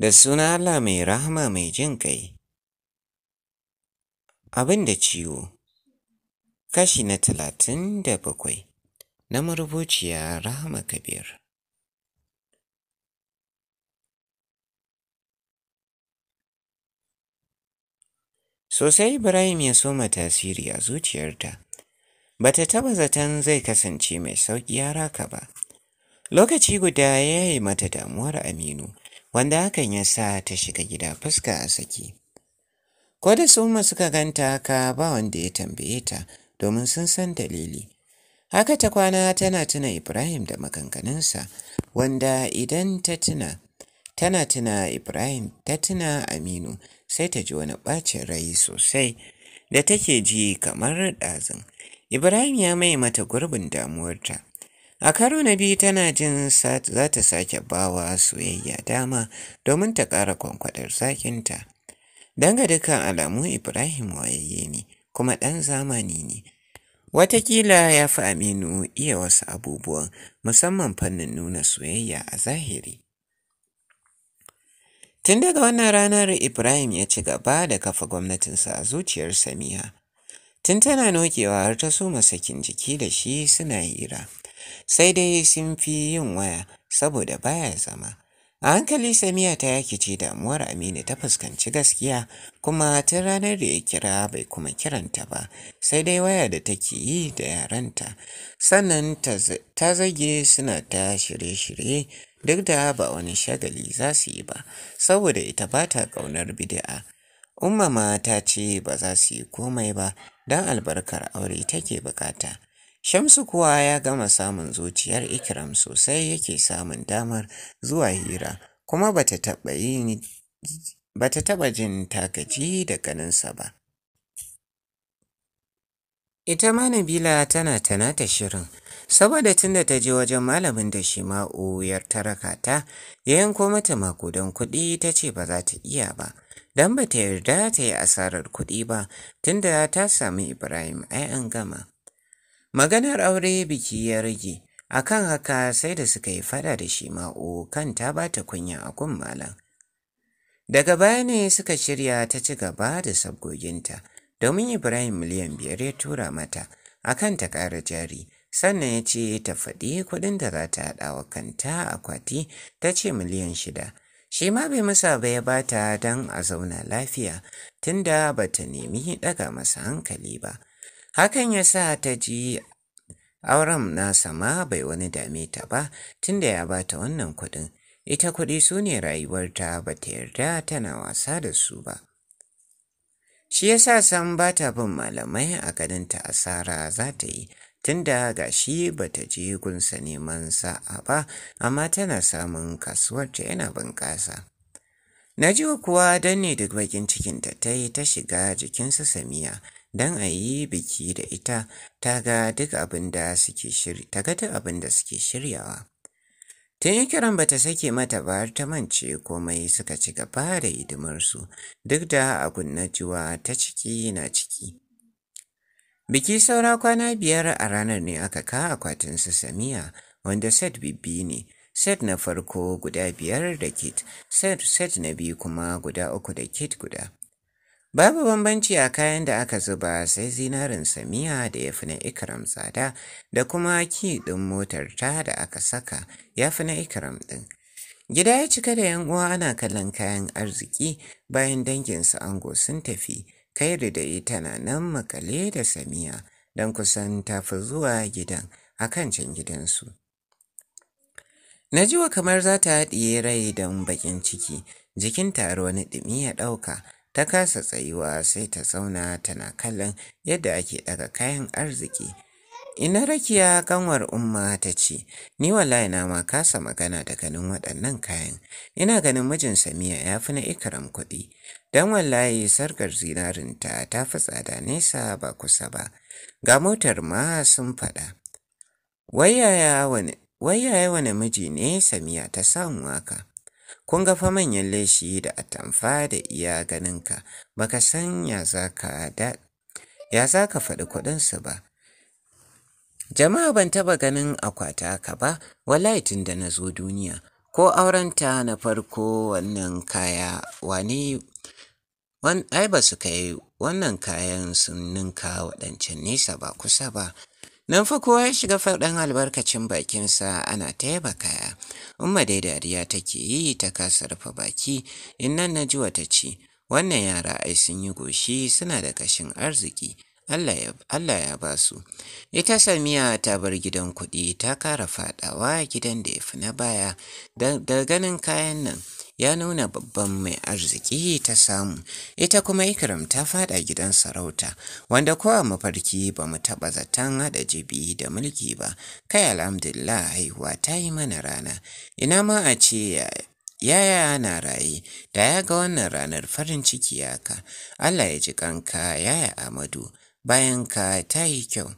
da suna Allah mai rahama mai jin ƙai. Abin da ciwo Kashi na talatin da bakwai na marubuciya Rahama Kabir. Sosai Ibrahim ya soma tasiri a zuciyarta, ba ta taba zaton zai kasance mai sauƙi ya raka ba. Lokaci guda ya yi mata damuwar Aminu. wanda hakan ya sa ta shiga gida fuska a saki. Ko da su suka ganta haka ba wanda ya tambaye ta domin sun san dalili. Haka ta kwana tana tuna Ibrahim da maganganunsa, wanda idan ta tuna, tana tuna Ibrahim ta tuna Aminu sai ta ji wani ɓacin rai sosai da take ji kamar ɗazin. Ibrahim ya mai mata gurbin damuwarta. A karo na biyu tana jin za ta sake bawa soyayya dama domin ta ƙara kwankwaɗar zakinta. Danga dukkan alamu Ibrahim wayayye ne kuma ɗan zamani ne. Wataƙila ya fi Aminu iya wasu abubuwan musamman fannin nuna soyayya a zahiri. Tun daga wannan ranar Ibrahim ya ci gaba da kafa gwamnatinsa a zuciyar Samiha. Tun tana nokewa har ta soma sakin jiki da shi suna hira. sai dai sun fi yin waya saboda baya zama. A hankali Samiya ta yakice damuwar Aminu ta fuskanci gaskiya kuma ta ranar da ya kira bai kuma kiranta ba sai dai waya da take yi da yaranta. Sannan ta zage suna ta shirye-shirye duk da ba wani shagali za su yi ba saboda ita ba ta ƙaunar bida'a. Umma ma ta ce ba za su yi komai ba don albarkar aure take bukata. Shamsu kuwa ya gama samun zuciyar Ikram sosai yake samun damar zuwa hira, kuma ba ta taɓa jin ta da ganinsa ba. Ita ma Nabila tana tana ta shirin, saboda tunda ta je wajen malamin da shi ma'u ya taraka ta, ya yanko mata makudan kuɗi ta ce ba za ta iya ba, don ba ta yarda ta yi asarar kuɗi ba, tunda ta sami Ibrahim ai an gama. Maganar aure biki ya rage, akan haka sai da suka yi fada da shi ma'o oh, kan ta ba ta kunya a kun malam. Daga baya ne suka shirya ta ci gaba da sabgoginta, domin Ibrahim miliyan biyar ya tura mata, akan ta kara jari, sannan ya ce ta faɗi kuɗin da za ta haɗa wa kanta akwati ta ce miliyan shida. Shi ma bai masa ba ya bata don a zauna lafiya, tunda ba ta nemi ɗaga masa hankali ba. Hakan ya sa ta ji auren nasa ma bai wani dame ta ba tunda ya bata wannan kuɗin. Ita kuɗi su ne rayuwarta ba ta yarda tana wasa da su ba. Shi ya sa san ba ta bin malamai a ta asara za ta yi, tunda ga shi ba ta je gunsa neman sa'a ba, amma tana samun kasuwarta yana bunƙasa. Najiwa kuwa don ne duk bakin cikinta ta yi ta shiga jikinsa samiya. don a yi biki da ita ta ga duk abin da suke shiri ta ga duk abin da suke shiryawa tun yi kiran bata sake mata ba har ta mance komai suka ci gaba da hidimarsu duk da a na juwa ta ciki na ciki biki saura kwana biyar a ranar ne aka ka akwatin su samiya wanda set bibbi ne set na farko guda biyar da kit set set na biyu kuma guda uku da kit guda Babu bambanci a kayan da aka zuba sai zinarin Samiya da ya fi na Ikram tsada da kuma ki ɗin motar ta da aka saka ya fi na Ikram ɗin. Gida ya cika da ‘yan uwa ana kallon kayan arziki bayan danginsu ango sun tafi, Kairu da ita na nan makale da Samiya don kusan tafi zuwa gidan a kan can gidansu. Najiwa kamar za ta haɗiye rai don baƙin ciki, jikin taro na ɗumi ya ɗauka. ta kasa tsayuwa sai ta zauna tana kallon yadda ake daga kayan arziki. Ina rakiya kanwar umma ta ce, Ni wallahi na ma kasa magana da ganin waɗannan kayan, ina ganin mijin Samiya ya fi na ikaram kuɗi, don wallahi sarkar zinarinta ta fi tsada nesa ba kusa ba, ga motar ma sun faɗa. Wai yaya wani miji ne Samiya ta samu haka? Kun ga fa manyan leshi da atamfa da iya ganinka, baka san ya za ka da ya za ka faɗi kuɗinsu ba. Jama'a ban taɓa ganin akwata ka ba, wallahi tun da na zo duniya. Ko aurenta na farko wannan kaya wani ai ba su kai wannan kayan sun ninka waɗancan nesa ba kusa ba Nan fa kowa ya shiga faɗan albarkacin bakinsa ana ta yaba kaya. Umma dai dariya take yi ta kasa rufe baki, in nan na ji wata ce, wannan yara ai sun yi goshi suna da kashin arziki, Allah ya ba su. Ita Samiya ta bar gidan kuɗi ta kara faɗawa gidan da ya fi na baya da ganin kayan nan. ya nuna babban mai arziki ta samu ita kuma ikram ta faɗa gidan sarauta wanda ko a mafarki ba mu taɓa zaton haɗa jibi da mulki ba kai alhamdulillah haihuwa ta yi mana rana ina ma a ce yaya ana raye da ya ga wannan ranar farin ciki yaka allah ya ji kanka yaya amadu Bayan ka ta yi kyau.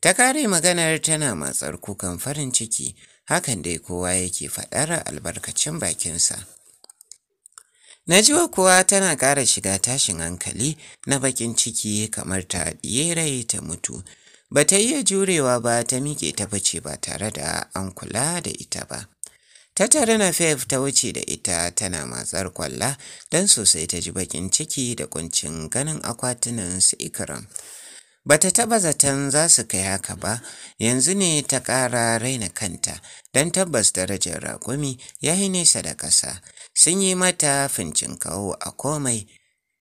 Ta kare maganar tana matsar kukan farin ciki, hakan dai kowa yake faɗar albarkacin bakinsa. Najiwa kuwa tana ƙara shiga tashin hankali na bakin ciki kamar ta rai ta mutu. Ba ta iya jurewa ba ta miƙe ta bace ba tare da an kula da ita ba. Ta tare na Fef ta wuce da ita tana matsar kwalla don sosai ta ji bakin ciki da kuncin ganin akwatunan su ikiram. ba ta taɓa zaton za su kai haka ba yanzu ne ta ƙara raina kanta don tabbas darajar raƙumi ya yi nesa da ƙasa sun yi mata fincin kawo a komai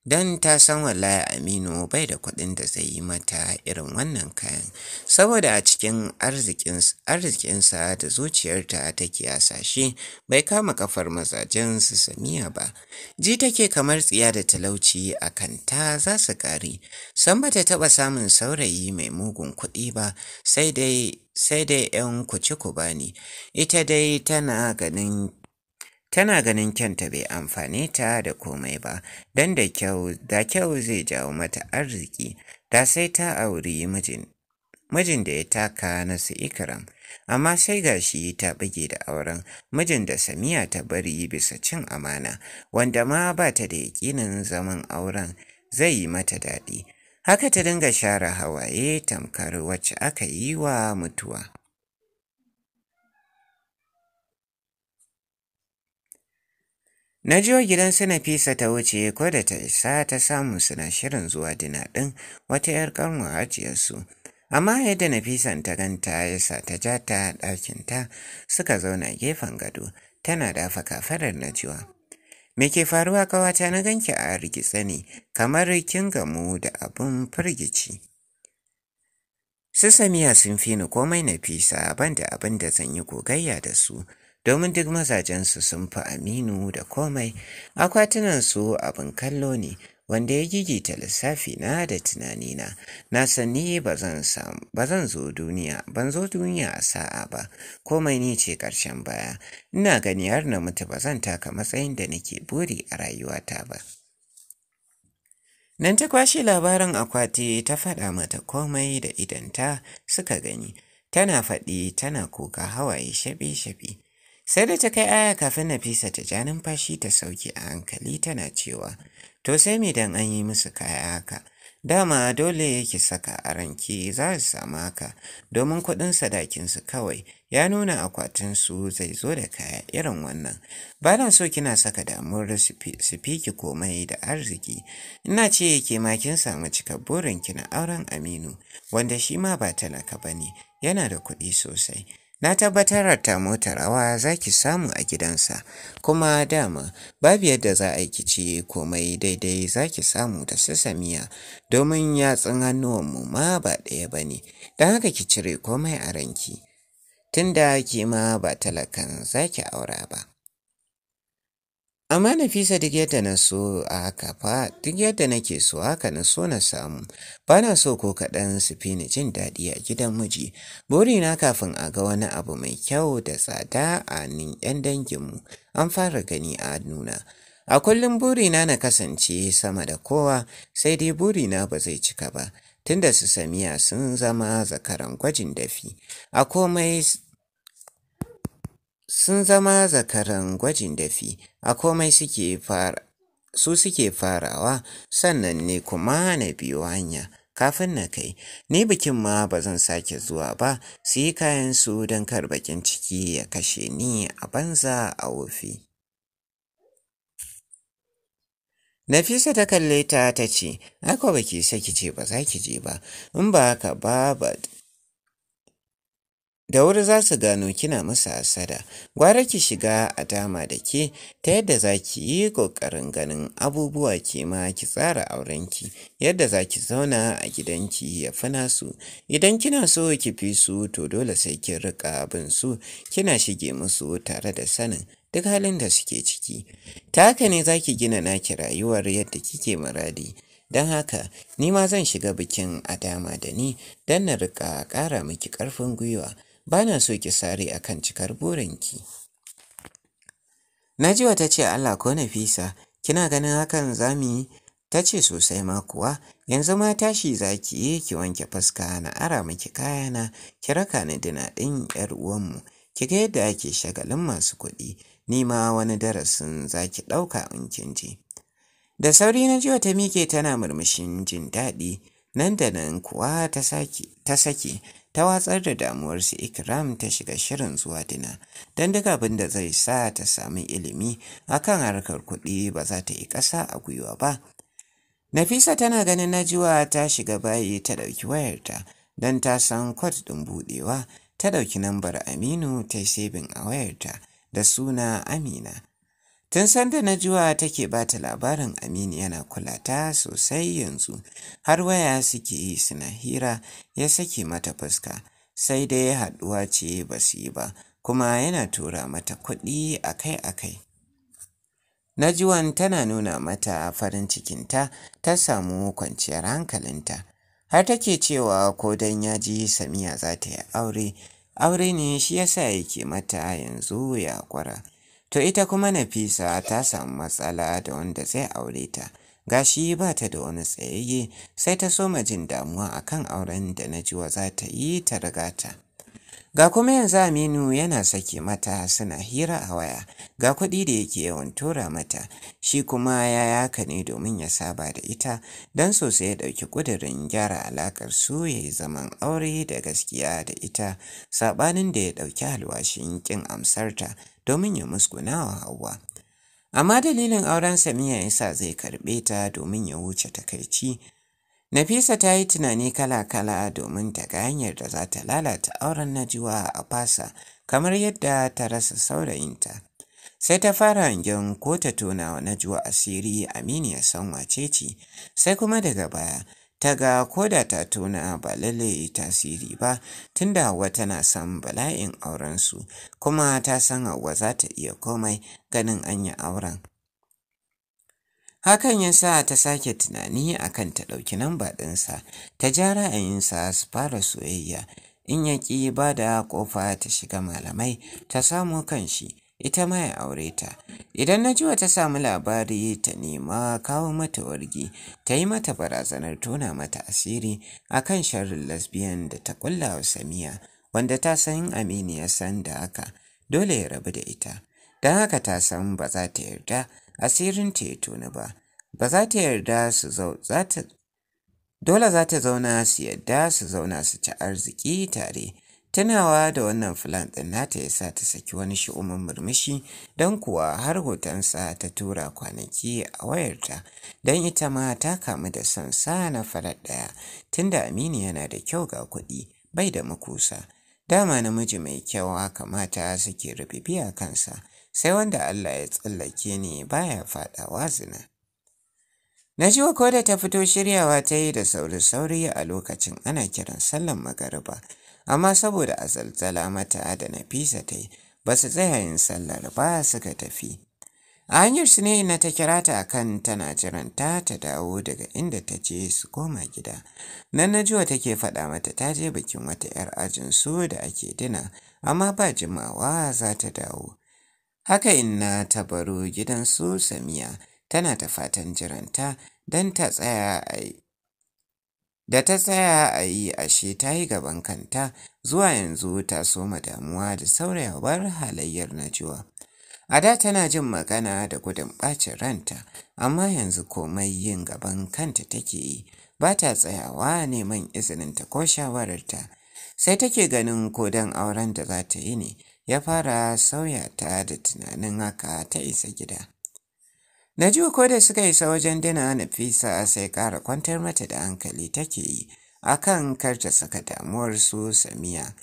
don ta san wallahi Aminu bai da kuɗin da zai yi mata irin wannan kayan saboda a cikin arzikinsa da zuciyarta ta kiyasa shi, bai kama kafar mazajen su samiya ba ji take kamar tsiya da talauci a kanta za su ƙari. san bata taɓa samun saurayi mai mugun kuɗi ba sai dai 'yan kuci ku bani ita dai tana ganin tana ganin kyanta bai amfane ta da komai ba don da kyau da kyau zai jawo mata arziki da sai ta auri mijin mijin da ya taka na su ikram amma sai gashi ta bige da auren mijin da samiya ta bari bisa cin amana wanda ma ba ta da yakinin zaman auren zai yi mata daɗi haka ta dinga share hawaye tamkar wacce aka yi wa mutuwa Na jiwa gidan su Nafisa ta wuce ko da ta isa ta samu suna shirin zuwa dina ɗin wata 'yar a ajiyarsu, Amma yadda Nafisan ta ganta ya sa ta ja ta ɗakinta suka zauna gefen gado tana dafa kafarar jiwa. Me ke faruwa kawata na ganki a rigitse ne kamar kin gamu da abun firgici. Su Samiya sun fi ni komai Nafisa ban da abin da zan yi gogayya da su. domin duk mazajensu sun fi aminu da komai Akwatinansu abin kallo ne wanda ya gigita lissafi na da tunanina na sani ba zan zo duniya ban zo duniya a sa'a ba komai ne ce ƙarshen baya ina gani har na mutu ba zan taka matsayin da nake buri a rayuwata ba nan ta kwashe labarin akwati ta faɗa mata komai da idanta suka gani tana faɗi tana kuka hawaye shabi-shabi Sai da ta kai aya kafin Nafisa ta ja numfashi ta sauki a hankali tana cewa, To sai me dan an yi musu kaya haka, dama dole yake saka a ranki za su samu haka, domin kuɗin sadakinsu kawai ya nuna akwatin su zai zo da kaya irin wannan. Ba na so kina saka damuwar su fiki komai da arziki, ina ce yake ma kin samu cika burinki na auren Aminu, wanda shi ma ba talaka ba ne, yana da kuɗi sosai. Na tabbatar ta mota rawa za ki samu a gidansa, kuma dama babu yadda za a yi ci komai daidai za ki samu ta sasamiya domin yatsun hannuwanmu ma ba ɗaya ba ne, don haka ki cire komai a ranki. Tunda ki ma ba talakan za ki aura ba. amma nafisa duk yadda na so a haka fa duk yadda nake so haka na so na samu ba na so ko kaɗan su fi ni jin daɗi a gidan miji burina kafin a ga wani abu mai kyau da tsada a nin 'yan danginmu an fara gani a nuna a kullum burina na kasance sama da kowa sai dai burina ba zai cika ba tunda su samiya sun zama zakaran gwajin dafi a komai sun zama zakaran gwajin dafi a komai suke fara su suke farawa sannan ne kuma na biyo hanya kafin na kai ni bikin ma ba zan sake zuwa ba su yi kayan su don kar bakin ciki ya kashe ni a banza a wofi Nafisa ta kalle ta ta ce, baki ba ki ce ba za ki je ba, in ba haka ba da wuri za su gano kina musu asada gwara ki shiga a dama da ke ta yadda za ki yi ƙoƙarin ganin abubuwa ke ma ki tsara aurenki yadda za ki zauna a gidanki ya fi nasu idan kina so ki fi su to dole sai kin riƙa bin su kina shige musu tare da sanin duk halin da suke ciki ta haka ne za ki gina naki rayuwar yadda kike muradi don haka ni ma zan shiga bikin a dama da ni don na riƙa ƙara miki ƙarfin gwiwa bana so ki sare a kan cikar burinki. Najiwa ta ce Allah ko Nafisa, kina ganin hakan za mu yi? Ta ce sosai ma kuwa, yanzu ma tashi za ki yi ki wanke fuska na ara miki kayana, ki raka ni dina ɗin ‘yar uwanmu, ki ga yadda ake shagalin masu kuɗi, ni ma wani darasin za ki ɗauka in kin ji Da sauri na jiwa ta mike tana murmushin jin daɗi, nan da nan kuwa ta sake ta watsar da damuwar su ikram ta shiga shirin zuwa dina don duk abin da zai sa ta sami ilimi akan harkar kuɗi ba za ta yi ƙasa a gwiwa ba nafisa tana ganin na najiwa ta shiga bayi ta ɗauki wayarta don ta san kwat ɗin buɗewa ta ɗauki nambar aminu ta yi sebin a wayarta da suna amina Tun sanda na najuwa take ba ta labarin Aminu yana kula ta sosai yanzu, har waya suke yi suna hira ya sake mata fuska, sai dai haɗuwa ce ba su yi ba, kuma yana tura mata kuɗi akai-akai. Najuwan tana nuna mata farin cikinta ta samu kwanciyar hankalinta, har take cewa ko don ya ji Samiya za ta yi aure, aure ne shi yasa yake mata yanzu ya kwara. To ita kuma Nafisa ta samu matsala da wanda zai aure ta. Gashi ba ta da wani tsayayye sai ta soma jin damuwa akan auren da Najuwa za ta yi ta riga ta. Ga kuma yanzu Aminu yana sake mata suna hira a waya, ga kuɗi da yake yawan tura mata, shi kuma ya yaka ne domin ya saba da ita, don sosai ya ɗauki ƙudurin gyara alaƙar su ya yi zaman aure da gaskiya da ita, saɓanin da ya ɗauki alwashin ƙin amsarta domin ya muskuna wa Hauwa. Amma dalilin auren Samiya yasa zai karɓe ta domin ya wuce takaici. Nafisa ta yi tunani kala-kala domin ta ga hanyar da za ta lalata auren Najuwa a fasa kamar yadda ta rasa saurayinta. Sai ta fara hangen ko ta tona wa najiwa asiri Aminu ya san wace ce, sai kuma daga baya ta ga koda ta tona ba lalle tasiri ba tunda Hauwa tana san bala'in aurensu kuma ta san Hauwa za ta iya komai ganin an auren. Hakan ya sa ta sake tunani akan ta ɗauki namba ɗinsa, ta ja ra'ayinsa su fara soyayya, in ya ƙi ba da ƙofa ta shiga malamai ta samu shi. ita ma ya aure ta idan najuwa ta samu labari ta nema kawo mata wargi ta yi mata barazanar tona mata asiri akan sharrin lesbian da ta kulla wa samiya wanda ta san aminu ya san da haka dole ya rabu da ita don haka ta san ba za ta yarda asirin ta ya tona ba ba za ta yarda su zau dole za ta zauna su yarda su zauna su ci arziki tare Tunawa da wannan filan ɗin nata ya sa ta saki wani shi'umin murmushi don kuwa har hotonsa ta tura kwanaki a wayarta don ita ma ta kamu da son sa na farar ɗaya tunda Aminu yana da kyau ga kuɗi bai da makusa. Dama namiji mai kyau haka mata suke biya kansa sai wanda Allah ya tsallake ne baya faɗawa zina. ji ko da ta fito shiryawa ta yi da sauri-sauri a lokacin ana kiran sallan magariba. amma saboda a zalzala mata da Nafisa ta yi ba su tsaya yin sallar ba suka tafi. A hanyar su ne na ta kira ta kan tana jiran ta ta dawo daga inda ta je su koma gida. Nan na jiwa take faɗa mata ta je bikin wata 'yar ajin su da ake dina, amma ba jimawa za ta dawo. Haka inna ta baro gidan su Samiya tana ta fatan jiranta don ta tsaya a da ta tsaya a yi ashe ta yi gaban kanta zuwa yanzu ta soma damuwa da saurayawar halayyar najuwa. A da tana jin magana da gudun ɓacin ranta, amma yanzu komai yin gaban kanta take yi, ba ta tsayawa neman izininta ko shawararta. Sai take ganin ko don auren da za ta yi ne, ya fara sauya ta da tunanin haka ta isa gida. Na ji ko da suka isa wajen dina Nafisa sai ƙara kwantar mata da hankali take yi akan kar ta saka damuwar su Samiya.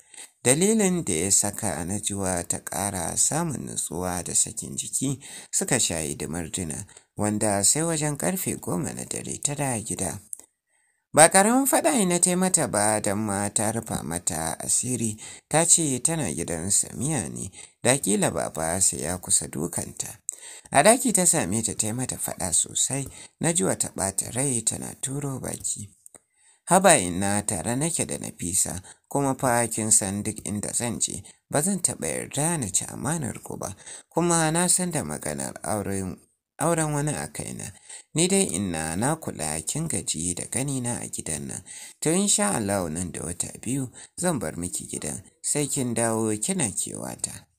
Dalilin da ya saka na Najuwa ta ƙara samun nutsuwa da sakin jiki suka sha hidimar dina wanda sai wajen ƙarfe goma na dare ta da gida. Ba ƙaramin faɗa na ta mata ba don ma ta rufa mata asiri ta ce tana gidan Samiya ne, da kila baba sai ya kusa dukanta. A daki ta same ta ta mata faɗa sosai, na ji wata ɓata rai tana turo baki. Haba ina tare nake da Nafisa, kuma fa kin san duk inda zan je, ba zan taɓa yarda na ci amanar ku ba, kuma na san da maganar auren auren wani a kaina. Ni dai ina na kula kin gaji da ganina a gidan nan, to sha Allah nan da wata biyu zan bar miki gidan, sai kin dawo kina kewata.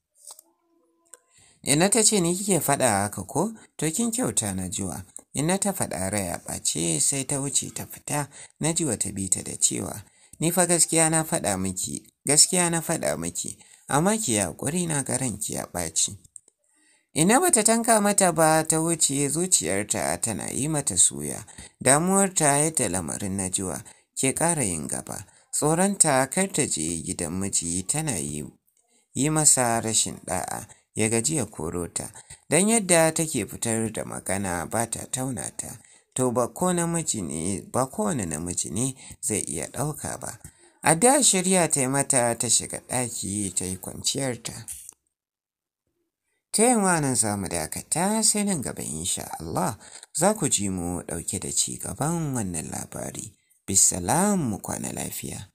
Inna ta ce ni kike faɗa haka ko? To kin kyauta na jiwa. Ina ta faɗa rai a ɓace sai ta wuce ta fita na jiwa ta bi ta da cewa ni fa gaskiya na faɗa miki gaskiya na faɗa miki amma ki haƙuri na garan ki ya ɓaci. Ina bata tanka mata ba ta wuce zuciyarta tana yi mata suya, damuwarta yadda lamarin na najuwa ke ƙara yin gaba, tsoronta kar ta je gidan miji tana yi masa rashin ɗa'a. ya gaji ya koro ta don yadda take fitar da magana ba ta tauna ta to ba ko namiji kowane namiji ne zai iya ɗauka ba a da shirya ta mata ta shiga ɗaki ta yi kwanciyarta ta yamma nan za mu dakata sai nan gaba insha Allah za ku ji mu ɗauke da ci gaban wannan labari bisalamu mu kwana lafiya